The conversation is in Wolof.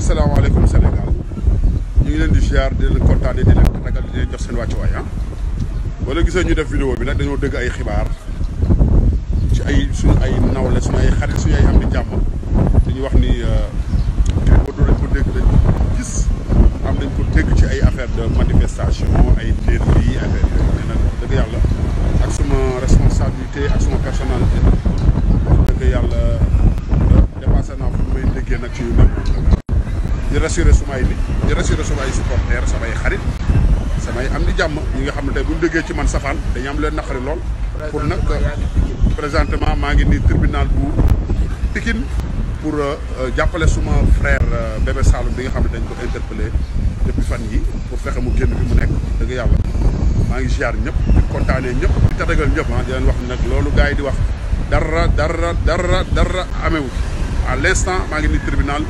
asalaamaaleykum Sénégal ñu ngi leen di ziar di leen kontaane di leen ragal di leen jox seen wàccuwaay ah wala gisee ñu def vidéo bi nag dañoo dëgg ay xibaar ci ay suñu ay nawle suñu ay xarit suñu ay am jàmm dañuy wax ni kii euh, boobu dañ ko dégg gis am nañ ko dégg ci ay affaire de manifestation ay déet yi affaire dëgg yàlla ak suma responsabilité ak suma personnalité dëgg yàlla euh, dépassé naa fu may liggéey nag ci yu mel di rassurer sumay nit di rassurer sumay supporter samay xarit samay am di jàmm ñi nga xam ne tey bu ñu déggee ci man safaan dañu am leen naqari lool. pour nag euh, présentement maa ngi ni tribunal bu Pikine pour euh, euh, jàppale suma frère Bébé Saloum bi nga xam ne dañ ko interpellé depuis fan yi pour fexe mu génn bi mu nekk dëgg yàlla maa ngi ziar ñëpp di kontaanee ñëpp di tatagal ñëpp ah di leen wax nag loolu gars yi di wax dara dara dara dara amewut à l'instant maa ngi ni tribunal